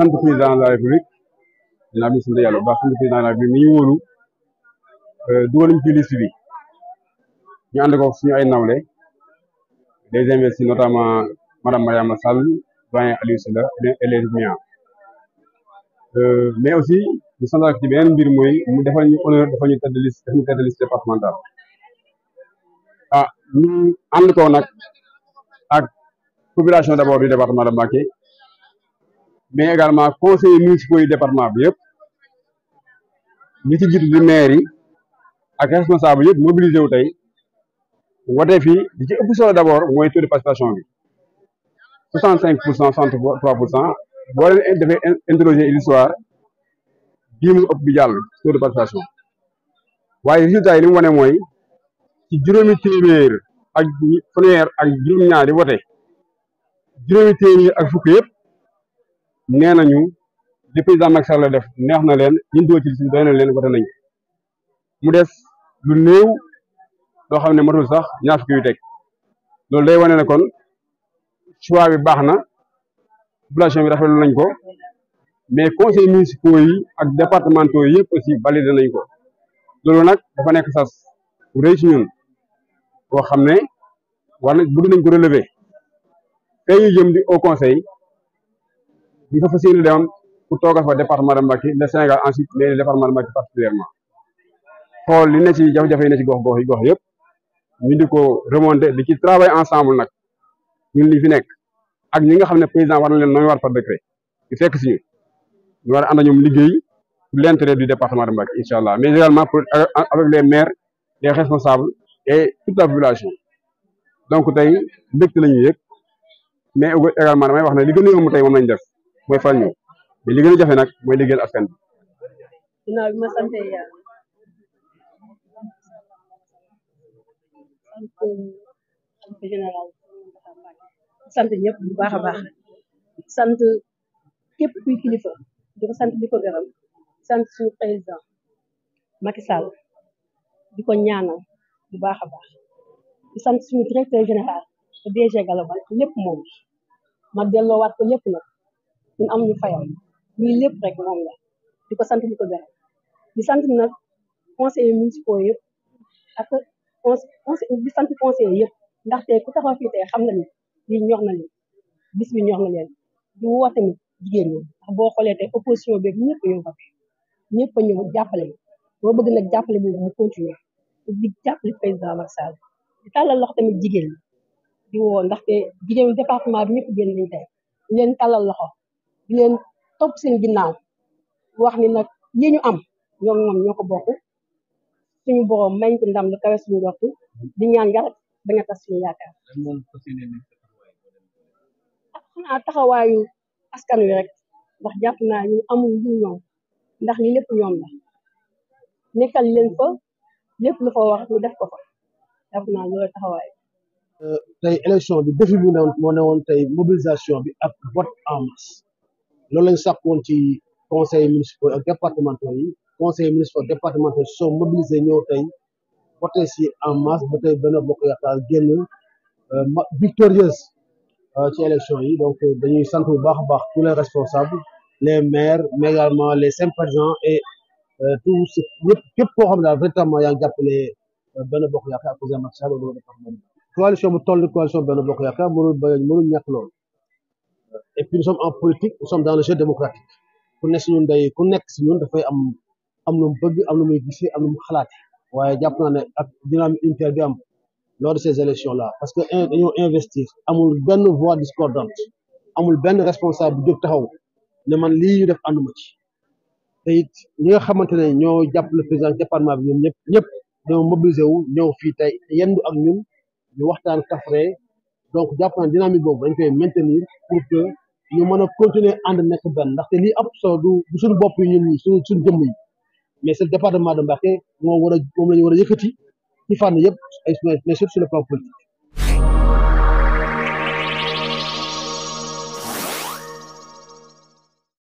sant président de la république dinaa mi sant yàlla bu baax sant président de la république mi ñu wóolu euh, dugal ñu ci ñu ànd ko suñu ay nawle les investis notamment madame Mariama Sall doyen Aliou Sylla et les miens euh, mais aussi ñu sant ci beneen mbir mooy mu defal ñu honneur defal ñu de liste defal ñu tête de liste ah, ak population d'abord du département de mais également conseillers municipaux yi département bi yëpp ñi ci jiitu di maire yi ak responsable yëpp mobilisé wu tey wote fii di ci ëpp solo d' abord mooy taux de participation bi cinq pour cent 63 pour cent boo leen defee interroger l'histoire bii mu ëpp bi jàll taux de participation waaye résultat yi li mu wane mooy ci juróomi ak fanweer ak juróom-ñaar yi wote juróomi téeméer ak fukk yëpp. nee nañu li président Macky Sall def neex na leen ñun doo ci doy na leen wote nañu mu des lu néew loo xam ne matul sax ñaar fukki yu teg loolu day wane ne kon choix bi baax na population bi rafetlu nañ ko mais conseil municipaux yi ak départementaux yi yëpp aussi validé nañ ko loolu nag dafa nekk sas bu rëy xam ne war na bëgg nañ ko relever tey ñu jëm di au conseil di fa fas yéene demoon pour toogal fa département de Mbacké le Sénégal ensuite léegi département de Mbacké particulièrement xool li ne ci jafe-jafe yi ne ci gox gox gox yëpp ñu di ko remonter di ci travail ensemble nag ñun li fi nekk ak ñi nga xam ne président war na leen nooy war par décret ñu fekk si ñu ñu war a ànd ñoom liggéey pour l'intérêt du département de incha allah mais également pour euh, avec les maires les responsables et toute la population donc tey mbégte la ñuy yëg mais également damay wax tey moom lañ def mooy fal ñu mais li gën mooy liggéeyal askan bi. ginnaaw ma sant yàlla sant général sant ñëpp bu baax a baax sant képp kuy kilifa di ko sant di ko gërëm sant suñu président Macky Sall di ko ñaanal bu baax a sant suñu directeur général te DG Galabane lépp moom ma delloowaat ko lépp nag. am amuñu fayam lii lépp rek moom la di ko sant di ko gërëm di sant nag conseillers municipaux yëpp ak conseil di sant conseillers yëpp ndaxte ku taxaw fii tey xam na leen bis bi ñor na leen di woo tamit jigéen ñi ndax boo xoolee tey opposition beeg ñëpp ñëpp a ñëw jàppale boo bëgg nag jàppale boobu mu continuer di jàppale président Macky Sall di tàllal loxo tamit jigéen ñi di ndaxte jigéenu département bi ñëpp génn nañ tey leen tàllal loxo di leen topp seen ginnaaw wax ni nag yi ñu am ñoom moom ñoo ko bokk suñu borom may ci ndam lu kawe suñu njort di ñaan yàlla ba nga tas suñu ah, taxawaayu askan wi rek ndax jàpp naa ñu amul lu ñoom ndax li lépp ñoom la nekkal leen fa lépp lu fa wax ñu def ko fa jàpp naa loolu taxawaay. Euh, tey élection bi défi bi moo ne woon tey mobilisation bi ak vote en loolu lañu sàkk woon ci conseil municipal euh, ak yi conseil municipal départemental yi sont mobilisés ñëw tey voté si en masse ba tey Benno Bokk Yaakaar génn euh, victorieuse euh, ci élection yi donc dañuy sant bu baax a baax tous les responsables les maires mais également les sympathisants et tout ce ñëpp képp koo xam ne daal véritablement yaa jàppale Benno Bokk Yaakaar ak président Macky Sall coalition bu toll ni coalition Bokk Yaakaar mënul bañ mënul et puis nous en politique nous sommes dans le jeu démocratique ku nekk si ñun day ku nekk si ñun dafay am am lu mu bëgg am lu muy gisee am lu mu xalaat waaye jàpp naa ne ak dina am unité bi am lors de ces élections là parce que dañoo investir amul benn voix discordante amul benn responsable bu taxaw ne man li ñu def ànduma ci te it ñi nga xamante ne ñoo jàppale président bi ñoom ñëpp ñëpp ñoo mobilisé wu ñëw fii tey yendu ak ñun ñu waxtaan kafre donc jàpp naa dynamique boobu dañ koy maintenir pour que ñu mën a continuer ànd nekk ndaxte lii ab solo du du suñu bopp yi ñun ñi suñu suñu jëmm yi mais c'est département de Mbacké moo war a moom la ñu war a yëkkati ci fànn yëpp ay mais surtout sur le plan politique